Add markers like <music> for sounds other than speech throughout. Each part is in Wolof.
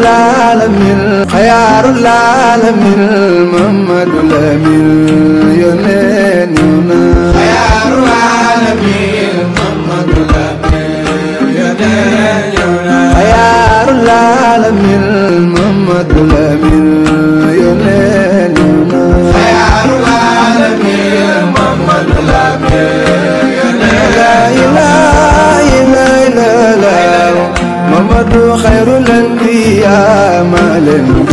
العالمين خيار العالمين محمد الأمين يونان يونان العالم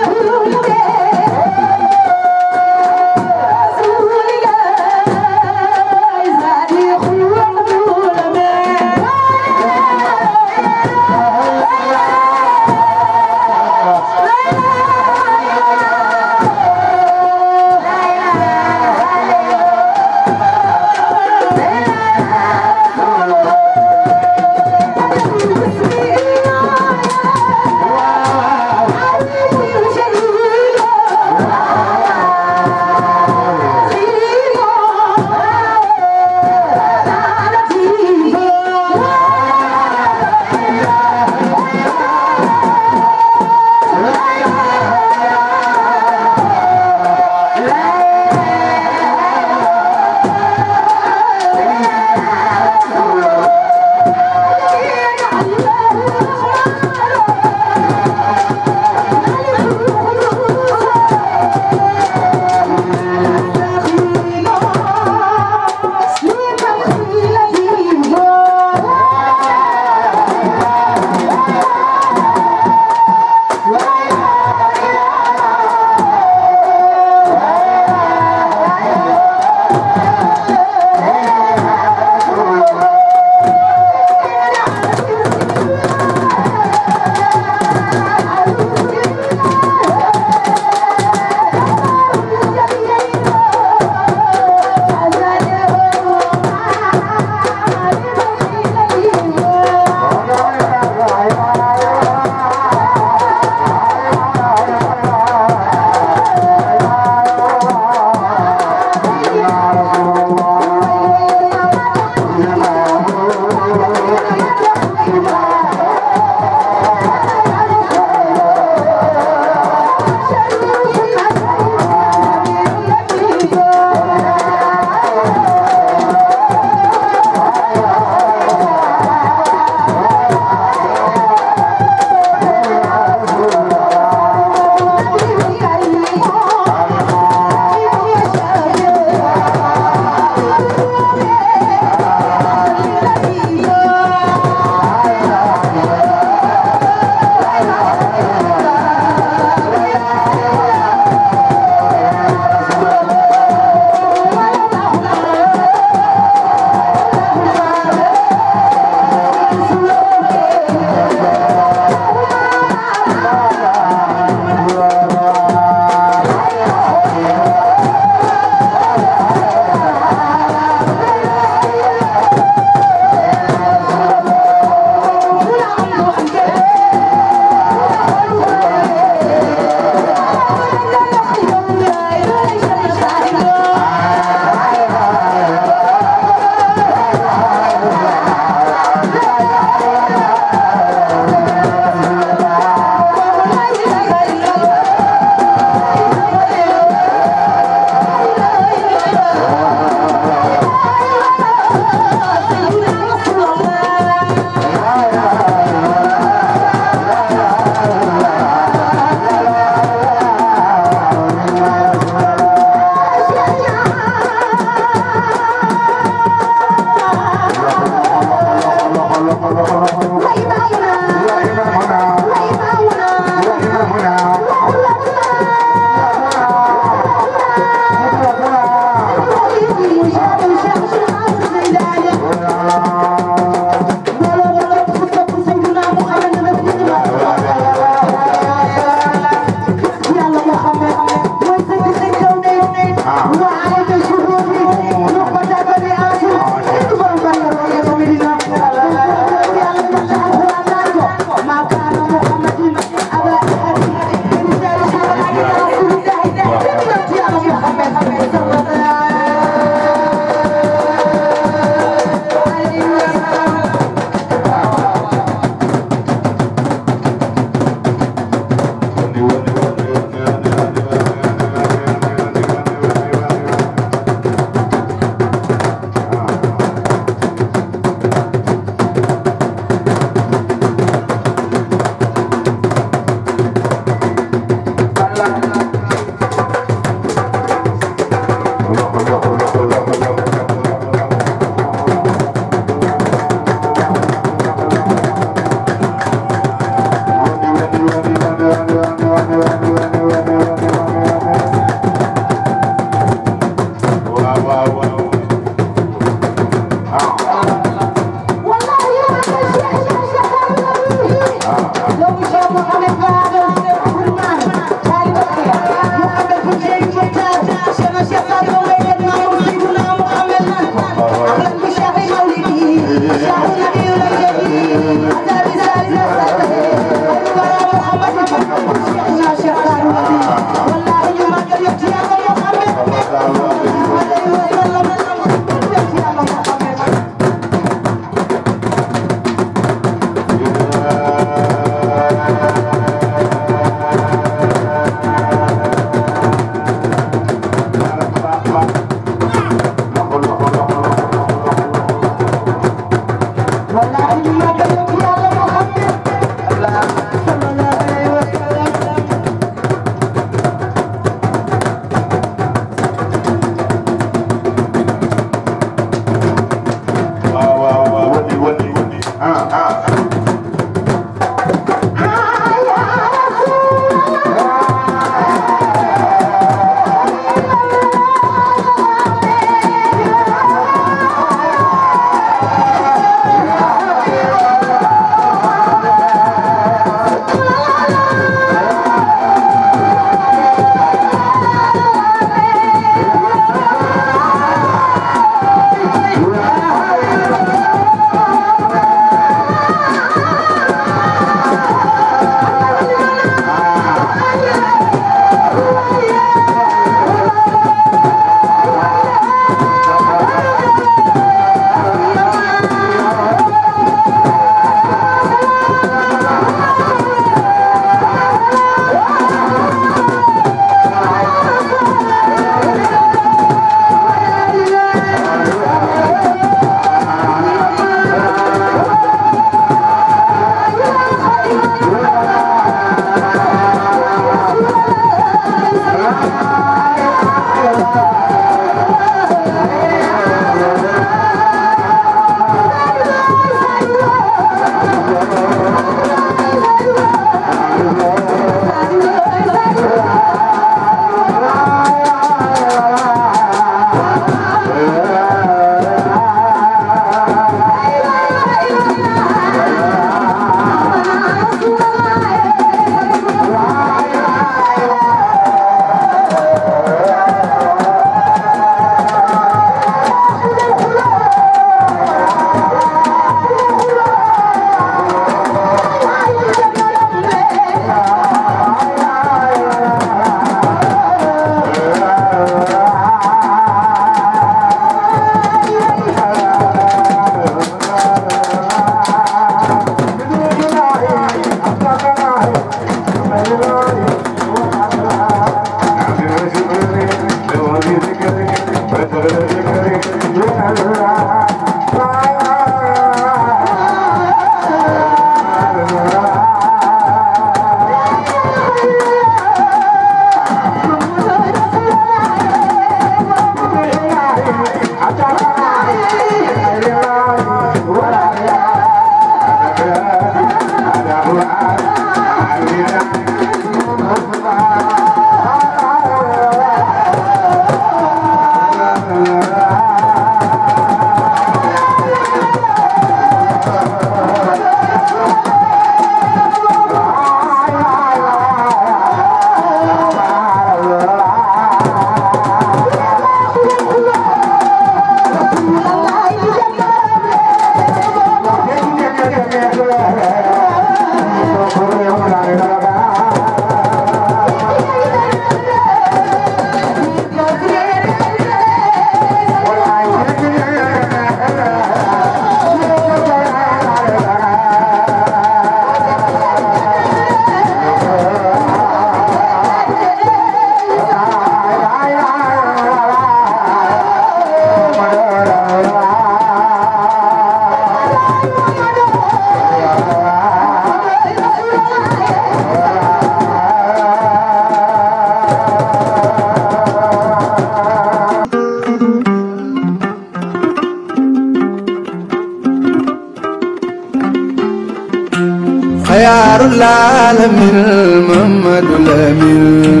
Darou Lalamin Mamadou Lamine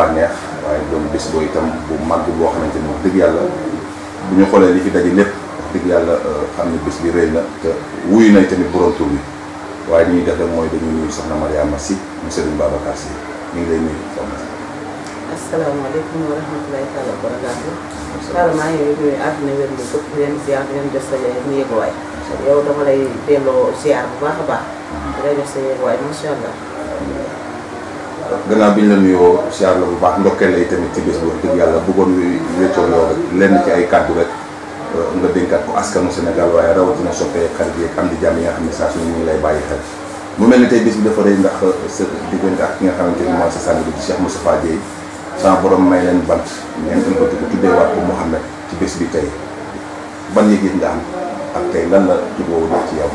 bànneex waaye doon bés boo itam bu màgg boo xamante ni wax dëgg yàlla bu ñu xoolee li fi daje lépp wax dëgg yàlla euh, xam ne bés na te wuyu nañ tamit waaye li ñuy mooy dañuy nuyu soxna Mariama Si mu Serigne ngi lay nuyu soxna si. asalaamaaleykum wa rahmatulahi taala maa ngi nuyu àdduna wér bi képp leen delloo ziar bu baax a baax. di lay def sa yéeguwaay macha allah. gannaaw bi ñu la nuyoo bu baax ndokkee lay tamit ci bés bu dëgg yàlla bëggoon luy wéccoo yow rek lenn ci ay kàddu rek euh, nga dénkaat ko askanu Sénégal waaye rawatina soppeek xarit yeeg am di jàmm yi nga xam ne saa su lay bàyyi mu mel ni tey bés bi dafa rëy ndax euh, sa diggante ak ki nga xamante sa sànni bi di Cheikh Moustapha Dieye sama borom may leen bant ngeen ko tuddee waat ko Mouhamed ci bés bi tey ban yëg-yëg nga am ak tey lan la tuddoo ci yow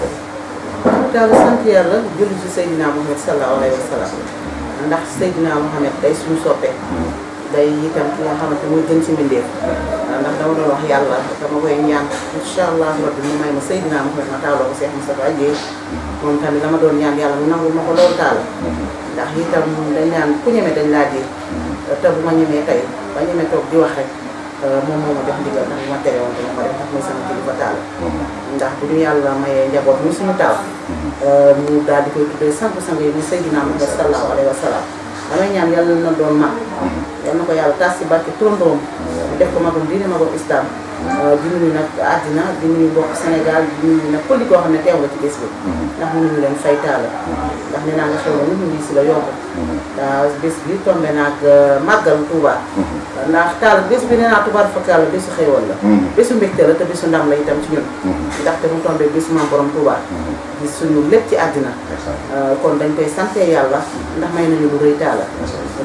ci Seydina ndax Seydina Mohamed day suñu soppe day itam ki nga xamante mooy gën ci mbindeef ndax dama doon wax yàlla dama koy ñaan incha allah rabbi mu may ma Seydina Mohamed ma taaloo ko Cheikh Moustapha Dieye moom tamit dama doon ñaan yàlla mu nangul ma ko loolu taal ndax itam dañ ñaan ku ñeme dañ laa ji te bu ma ñemee tey ba ñeme toog di wax rek moom moo ma jox ndigal man ma tere woon dama ma def ndax mooy sama kilifa taal ndax bu ñu yàlla mayee njaboot ñu suñu taaw ñu euh, daal di koy tuddee sank sang yi mu Seydina Muhammad sallallahu alayhi wa sallam damay ñaan yàlla na doon mag yal ko yàlla tas si barke tóndoom def ko magum diine magum islam Euh, di nuyu nag àddina di nuyu mbokk Sénégal di nuyu nag pël koo xam ne teew nga ci bés bi. Mm-hmm. ndax mënuñu leen fay taal mm-hmm. ndax nee naa nga xew na ñu ngi si la yomb. Mm-hmm. ndax bés bi tombé naag euh, màggal Touba. ndax taal bés bi nee naa Touba dafa taal bésu xéewal la. bésu mbégte la te bésu ndam la itam ci ñun. ndaxte mu tombé bésu maam borom Touba. suñu lépp ci àddina euh, kon dañ koy sante yàlla ndax may nañu lu rëy daala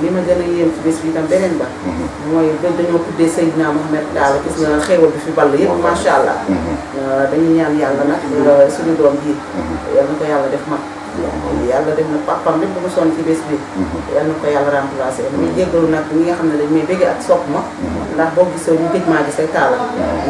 li ma gën a yéem ci bés bi itam beneen ba mhm. mooy dañoo tuddee Seydina Mohamed daala gis nga xéewal bi fi ball yëpp macha allah mhm. euh, dañu ñaan yàlla nag mhm. euh, suñu doom ji yal na ko yàlla def mag yàlla def na papam lépp bu ko sonn ci bés bi mhm. yal na ko yàlla remplacé mhm. muy jéggalu nag ñi nga xam ne dañ may bëgg ak sopp ma mhm. ndax boo gisee ñu gëj maa gis ay taala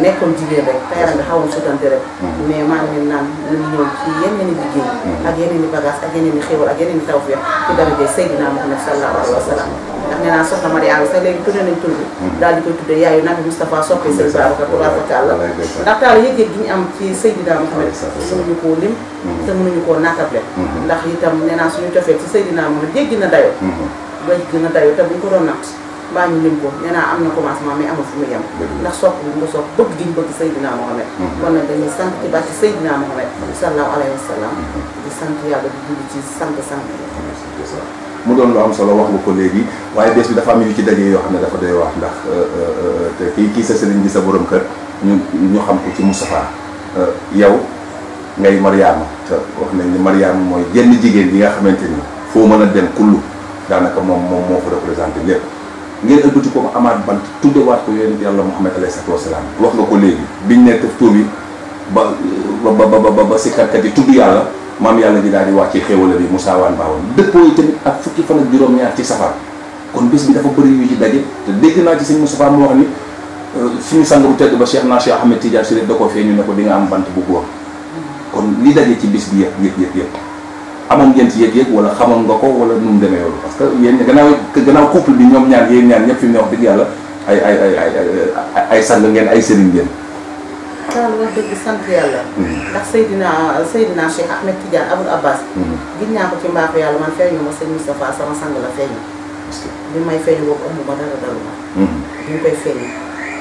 nekkoon jigéen rek tayra nga xawoon sutante rek mais maa ngi naan nañu ñëw ci yeneen i liggéey ak yeneen i bagage ak yeneen i xéwal ak yeneen i tawfeex ci daraje Seydina Muhammad sallallahu alayhi wa sallam ndax nee naa soxna Mariama sax léegi tuddee nañ tudd hmm. daal di koy tuddee yaayu nabi Moustapha soppe sëñ hmm. Babacar pour afatal la ndax taal yëg-yëg gi ñu am ci Seydina Mouhamed mënuñu koo lim hmm. te mënuñu koo nattable ndax naa suñu cofee ci Seydina Mouhamed jéggi na ba gën ko doon ñu ko nee naa am na commencement mais amul fu mu yem ndax sopp bi nga sopp bëgg gi ñu bëgg Seydina Mouhamed kon nag dañuy sant ci bàcc Seydina Mouhamed sallallahu alayhi wa di sant yàlla di julli ci sant sant mu doon lu am solo wax nga ko léegi waaye bés bi dafa am yu ci daje yoo xam ne dafa doy wax ndax euh, euh, euh, te kii sa sëriñ di sa borom kër ñu ñu xam ko ci Moustapha yow ngay Mariama te wax nañ ni Mariama mooy jenn jigéen bi nga xamante ni foo mën a dem kullu daanaka moom moom moo fa représenté lépp ngeen ëbbati ko amaat bant tuddewaat ko yonent yàlla Muhammad alayhi salaatu wasalaam wax nga ko léegi biñ ne tëf tuub yi ba ba ba ba ba sikkarkat yi tudd yàlla maam yàlla ji daal di wàccee xéwala bi musaawaan baawaan dëppoo yi tamit ak fukki fan ak juróom-ñaar ci safar kon bis bi dafa bëri ci daje te dégg naa ci sëñ Moustapha mu wax ni euh, suñu sang bu tedd ba Cheikh naa Cheikh Ahmed Tidiane Siré da koo fee ñu ne ko di nga am bant bu góor kon li daje ci bis bi yëpp yëpp yëpp yëpp amoon ngeen ci yëg-yëg wala xamoon nga ko wala nu demee loolu parce que yéen gannaaw gannaaw couple bi ñoom ñaar yéen ñaar ñëpp fi mu ne wax dëgg yàlla ay ay ay ngeen ay sëriñ ngeen daal wax dëgg sant yàlla. ndax Seydina Seydina Cheikh Ahmed Tidiane Abul Abbas. gis naa ko ci mbaaxu yàlla man feeñu ma sëñ Moustapha sama sang la feeñu. bi may feeñu boobu ëmb ma dara dalu ma. ñu mm. koy feeñu.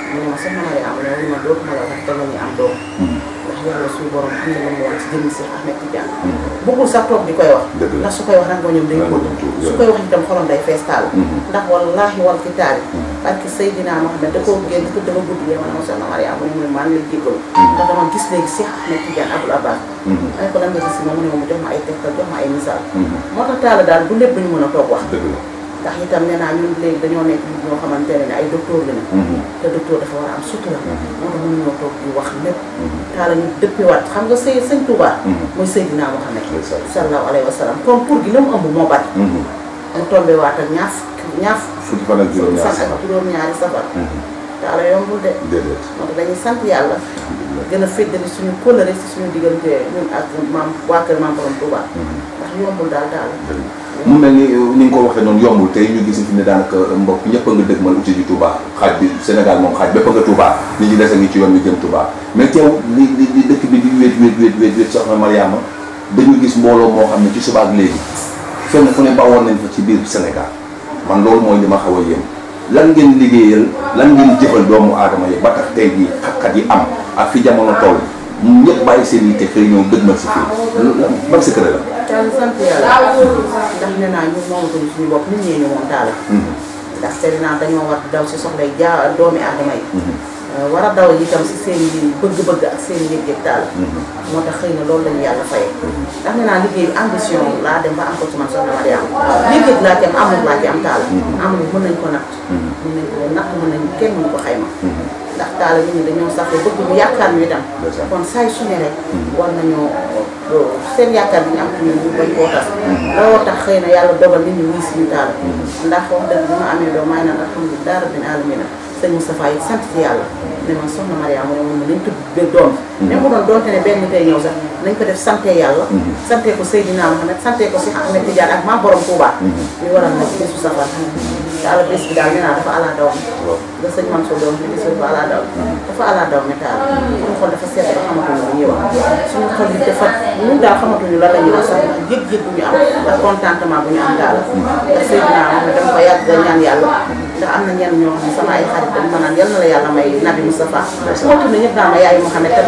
mu ne ma soxna am na wala ma dootuma la wax dama ñu am doom. Mm. yàlla suñu borom am na lu mu wax di koy wax ndax su koy wax rek ñoom day góob su koy wax itam xolam day fees taal mm-hmm. ndax wallaahi wal kitaabi parce mm-hmm. da koo génn tudd dafa gudd yee ma ne ma soxna Mariama mu ne maa ngi lay jéggal mm-hmm. ndax dama gis léegi Cheikh Ahmed ma ne ko lan nga si moom mu ne ma jox ma ay tegtal jox moo tax daal bu lépp ñu mën a toog wax ndax itam nee naa ñun léegi dañoo nekk nit ñoo xamante ne ay docteur lañu. Mhm. te docteur dafa war a am sutura. Mhm. moo tax mënuñoo toog di wax lépp. Mhm. taala ñu dëppiwaat xam nga sëy sëñ Touba. mooy Seydina Muhammad. sallallahu alayhi wa sallam kon pour gi la mu ëmb moo bari. mu tombé waat ak ñaar ñaar fukki fan ak juróom-ñaari safar. daal yombul de. déedéet donc dañuy sant yàlla. gën a féddali suñu kóllëre si suñu diggante ñun ak maam waa kër maam borom Touba. Mhm. ndax yombul daal daal. mu mel ni euh, ni nga ko waxee noonu yombul tey ñu gis fi ne daanaka euh, mbokk ñëpp a nga dëgmal uti ji Touba xaaj bi Sénégal moom xaaj bépp a nga Touba li ñu des a ngi ci yoon bi jëm Touba mais teew li li dëkk bi di wéet wéet wéet wéet wéet soxna Mariama dañu gis mbooloo moo xam ne ci subaak léegi fenn fu ne bawoon nañ fa ci biir Sénégal man loolu mooy li ma xaw a yéem lan ngeen liggéeyal lan ngeen jëfal doomu aadama yi ba tax tey jii xat-xat yi am ak fi jamono toll ñëpp bàyyi seen yitte xëy ñëw dëgmal si fii ban secret la. daal sant yàlla ndax nee naa ñu moomatuñ suñu bopp nit ñee ñu moom daal. Mhm. ndax seen naa dañoo war daw si soxla jaa doomi aadama yi. Mhm. Euh, war a daw itam si seen i bëgg-bëgg ak seen i yëg-yëg daal. Mhm. moo tax xëy na loolu lañu yàlla fayee. Mhm. ndax nee naa liggéey ambition laa dem ba am ko ci man soxna Mariam. yëg-yëg laa ci am amul laa mhm. ko xay ma nañ ko natt mën nañ kenn mënu ko xayma. ndax taal bi ñu dañoo sax bëgg bu yaakaar ñu itam. kon saay su rek. war nañoo euh, seen yaakaar bi ñu am ci ñun tax xëy na yàlla dogal nit ñi wuyu si ñu taal. ndax wax dëgg bu amee doo may naan alhamdulilah rabbil alamin sëñ Moustapha yi sant ci yàlla ne man soxna Mariama ne moom nañ tudd doom mm-hmm. même bu doon doonte ne benn tey ñëw sax nañ ko def sante yàlla mm-hmm. sante ko Seydina Mouhamed sante ko si Ahmed Tidiane ak maa borom Touba mm-hmm. li waral nag bésu safar te ala bés bi daal nee naa dafa ala daw da sëñ Mansour doon bi bés dafa ala daw dafa ala daw ne taal suñu dafa sedd ba xamatuñu lu ñuy wax suñu xol dafa ñun daal xamatuñu la ñuy wax sax yëg-yëg bu ñu am ak contentement bu ñu am daal ndax Seydina Mouhamed dama ko yàgg ñaan yàlla am na ñenn ñoo xam ne sama ay xarit dañ ma naan yal na la yàlla may nabi Moustapha su ma tudd ñëpp naa ma yaayu Mouhamed te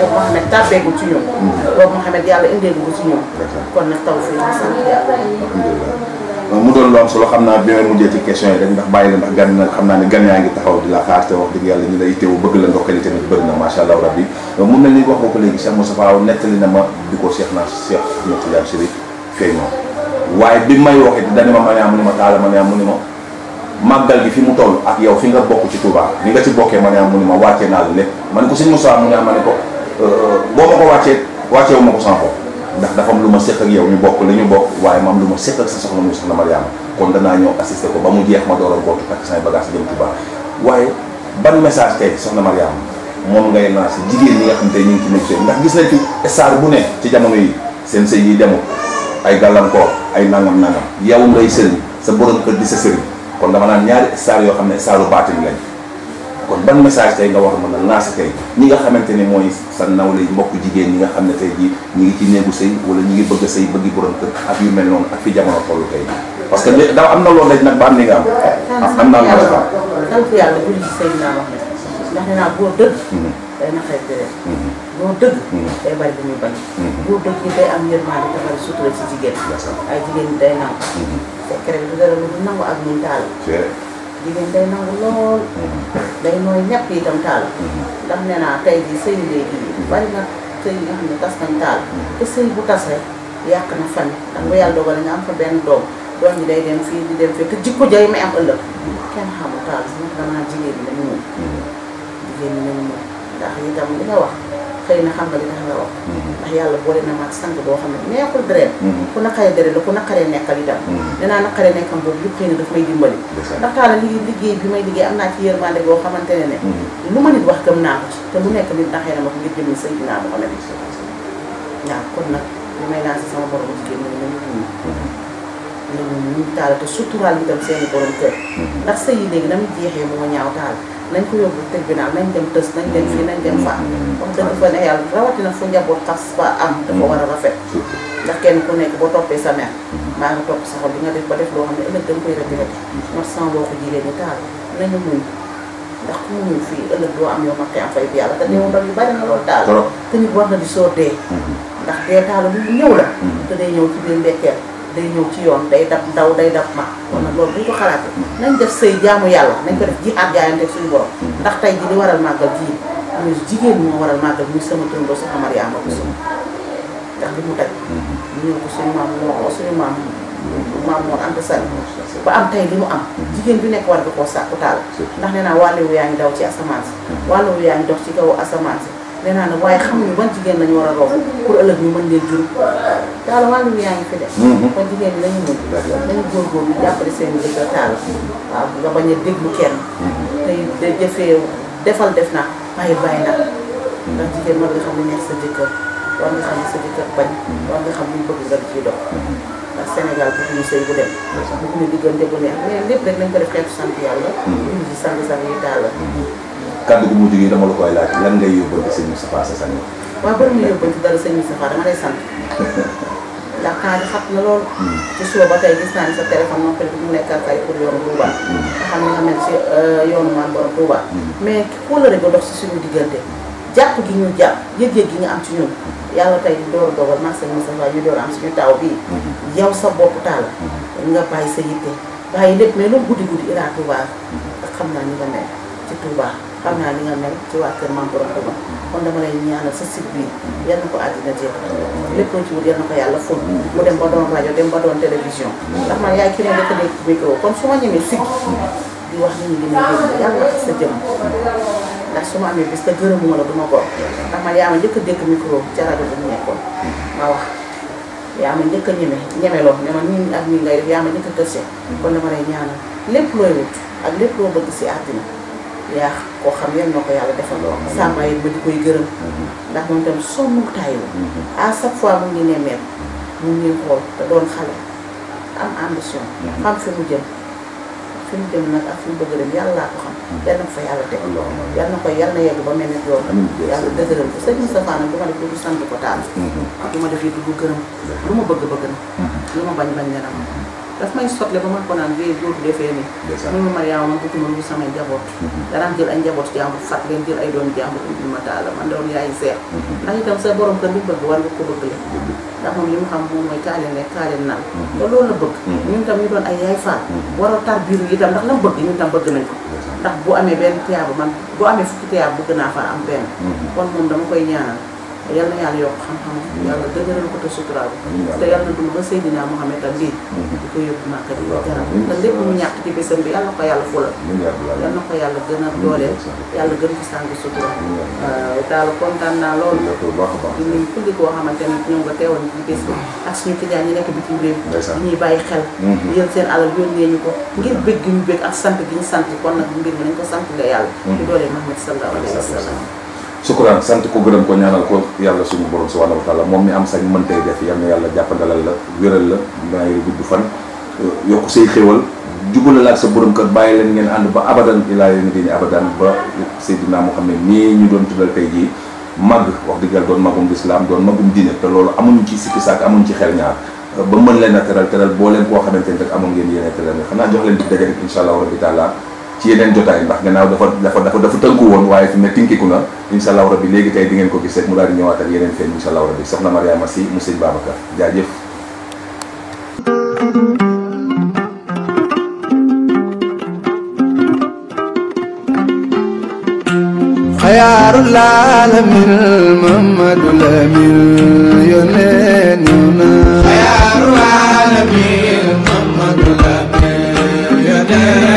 hmm. mu doon lu solo xam naa bi may mujjee ci question yi rek ndax bàyyi la ndax gan xam naa ne gan yaa ngi taxaw di la xaar wax dëgg yàlla ñu lay teewu bëgg la ndokkali tamit bëri na macha allah rabbi mu mel ni wax nga ko léegi Cheikh Moustapha na ma di ko Cheikh naa Cheikh Ahmed Tidiane Chérif feeñoo waaye bi may wax ma ma ne ma taala ne ma màggal bi fi mu toll ak yow fi nga bokk ci Touba ni nga ci bokkee ma ah, mu ne ma wàccee naa la lépp ma ne ko sëñ Moussa mu ne ah ma ne ko euh, boo ma ko wàccee wàccee wu ma ko sans foofu ndax dafa am lu ma séq yow ñu bokk la ñu bokk waaye ma am ma séq ak sa soxna muy soxna Mariama kon danaa ñëw assister ko ba mu jeex ma door a góotu takk samay bagage dem Touba waaye ban message tey soxna Mariama moom ngay lancé jigéen ñi nga xam te ñu ngi ci nekk seen ndax gis nañ ci star bu ne ci jamono yi seen sëy yi demul ay gàllankoor ay nangam nangam yow ngay sëriñ sa borom kër di sa sëriñ kon dama naan ñaari saar yoo xam ne saalu baati lañ kon ban message tey nga wax a naa a lancé ñi nga xamante ne mooy sa nawle mbokk jigéen ñi nga xam ne tey jii ñi ngi ci néegu sëy wala ñu ngi bëgg sëy bëggi borom kër ak yu mel noonu ak fi jamono toll tey parce que da am na loolu rek nag ba am ni nga am am naa loolu fa sant yàlla julli boo dëgg mhm. day naqari di def boo dëgg mhm. day bari bu muy bañ boo mhm. dëgg day am yërmaande te bari sutura ci jigéen ay jigéen day naaw te CREC bi dara lu nangu ak ñun taal. jigéen day nangu lool. Mm-hmm. day nooy ñepp itam taal. Mm-hmm. ndax nee naa tey jii sëy léegi mm-hmm. bari na sëy yi nga xam ne tas nañ taal. te sëy bu tas rek yàq na fan ndax bu yàlla dogalee nga am fa benn doom doom yi day dem fii di dem fii te jikko jay may am ëllëg. kenn xamul taal su ma damaa jigéen ñi dañu mën. jigéen ñi dañu mën ndax itam li nga wax. xëy na xam nga li mhm. ndax yàlla boole na maag sang boo xam ne neexul dëreel mhm. ku naqaree dëreel la ku naqaree nekkal itam mhm. dinaa naqaree nekkam boobu yëpp xëy na may liggéey bi may liggéey am naa ci yërmande boo xamante ne ne lu ma nit wax gëm naa ko te lu nekk nit naxee na ma ko ngir jëmi Seydina naa si a borom jigéen ñi nañu muñ nañu muñ taal te suturaal itam seen borom kër ndax sëy yi léegi na jeexee moo ñaaw taal nañ ko yóbbu tribunal nañ dem tës nañ dem fii nañ dem faa comme que dafa ne yàlla rawatina fu njaboot xas ba am dafa war a rafet ndax kenn ko nekk boo toppee sa mère maa nga topp sa xol bi nga def ba def loo xam ne ëllëg danga koy regretté mat san boo ko jigéen ñi taal nañu muñ ndax ku muñul fii ëllëg doo am yow ma xeexam fay bi yàlla te néew ndox yu bari na loolu taal te nit war na di soo dee mhm. ndax dee taal bu ñëw la mhm. te day ñëw ci biir ndekkeel day ñëw ci yoon day dab ndaw day dab mag kon nag loolu bu ñu ko xalaatee nañ def sëy jaamu yàlla nañ ko def jihaad jaayante suñu borom ndax tey ji li waral màggal ji jigéen moo waral màggal muy sama turandoo soxna Mariama ko sum mu daj ñëw ko suñu maam moo suñu maam maam ba am tey li mu am jigéen bi nekk war nga koo sàkku taal ndax nee naa wàllewu yaa ngi daw ci asamaan si mm-hmm. wàllewu yaa ngi dox ci kaw asamaan si nee naan waaye xam xamuñu ban jigéen lañu war a rob pour ëllëg ñu mën leen jur taala yaa ngi fi de mhm. kon jigéen ñi lañu mën dañu góorgóorlu jàppale seen jëkkër taala waaw nga bañ a déglu kenn mhm. tey da jëfee defal def na bàyyi bàyyi na mhm. ndax jigéen war nga xam ne neex sa jëkkër war nga xam ne sa jëkkër bañ war nga xam luñ bëgg nga di ciy dox ndax Sénégal bëgg ñu sëy bu dem bëgg ñu diggante bu neex mais lépp rek nañ ko def xeetu sant yàlla ñu si kàddu gu mujj gi dama la koy laaj lan ngay yóbbal ci sëñ Moustapha sa sànni. waaw bari ma yóbbal ci dara sëñ dama lay sant. <laughs> ndax temps bi na lool. ci hmm. ba tey sa téléphone noppal bi mu hmm. xam ne nga mel si euh, yoonu maam borom Touba. Hmm. mais kóolare ba dox si suñu gi ñu jàpp yëg gi nga am ci ñun yàlla tey door dogal maa sëñ Moustapha ñu door am sa bopp taal nga bàyyi sa yitte bàyyi lépp mais loolu guddi guddi ilaa Touba xam naa ni nga mel ci Touba xam naa li nga mel ci waa kër maam kon dama lay ñaanal sa site bii yal na ko àddina jéem lépp ci wut yal na ko yàlla ful mu dem ba doon rajo dem ba doon télévision ndax man yaay ki ne ma ñemee di wax nit ñi di ma dégg yàlla sa jëm ndax su ma amee bis te gërëmuma la du ma góor ndax man yaa ma a dégg micro ca rajo bu mu nekkoon ma wax yaa ma njëkk a ñeme ñemeloo ne ma nii ak nii ngay def yaa ma njëkk a tëse kon dama lay ñaanal lépp looy wut ak lépp loo bëgg si àddina yaa koo xam yal na ko yàlla defal loo sàmba yi ba di koy gërëm ndax moom tam sonnul tayyu à chaque fois mu ngi ne mel mu ngi xool te doon xale am ambition xam fi mu jëm fi mu jëm nag ak fi mu bëgg dem yàlla laa ko xam yal na ko fa yàlla teg yal na ko yal na yegg ba mel ni yoon yàlla dëgëral ko sëñ Moustapha nag du ma def lu sant ko taal du ma def lu gërëm lu ma bëgg bëgg na lu ma bañ bañ ne daf may sotle ba mën ko naan wéy góor defee nii. mu ma yaa man bëgg man bu samay njaboot. Mhm. danaan jël ay njaboot jàmbur fat leen jël ay doom jàmbur indi ma taala man sa borom kër li bëgg war nga ko bëgg la. ndax moom li mu xam moom mooy kaaleen rek kaaleen naan. te mhm. loolu la bëgg. Mhm. ñun tam ñu doon ay yaay faal. war a tar biir yi itam ndax la mu bëgg ñun tam bëgg nañ ko. ndax bu amee benn tiyaaba man bu amee fukki tiyaaba bëgg naa faa am benn. kon moom dama koy ñaanal yal na yàlla yokk xam-xamam yàlla dëgëral ko te suturaal te yàlla dund ba Seydina Mouhamed ak lii di ko yóbbu Màkka di jaral te ci bi yàlla na ko yàlla fulal yàlla na ko yàlla gën a dooleel yàlla gën ko sàng sutura daal kontaan naa loolu di nuyu koo xamante ne nga teewoon ci bi mm-hmm. ak suñu tijaan ñi nekk bitim réew di ñuy bàyyi xel mm-hmm. yéen seen alal yónnee ñu ko ngir bëgg gi ñu bëgg ak sant gi ñu sant kon nag mbir mi nañ ko sant nga yàlla di mm-hmm. doolee Mouhamed sallallahu alayhi wa sukuraan sant ko gërëm ko ñaanal ko yàlla suñu borom subhanahu wa moom mi am sañ mën tey def yal na yàlla jàppandalal la wéral la maay gudd fan euh, yokk say xéwal jubala laak sa borom kër bàyyi leen ngeen ànd ba abadan ilaa yawmi diini abadan ba xam ne nii ñu doon tuddal tey jii màgg wax dëgg yàlla doon magum lislaam doon magum diine te loolu amuñu ci sikki sàkk amuñu ci xel ñaar ba mën leen a teral teral boo leen koo xamante rek amoon ngeen yéene xanaa jox leen di daje rek incha allah rabbi ci yeneen jotaay ndax gannaaw dafa dafa dafa dafa tënku woon waaye fi mu na incha allahu léegi tey di ngeen ko gis rek mu daal di ñëwaat ak yeneen feeñ incha allahu soxna Mariama Si mu sëñ Babacar jaajëf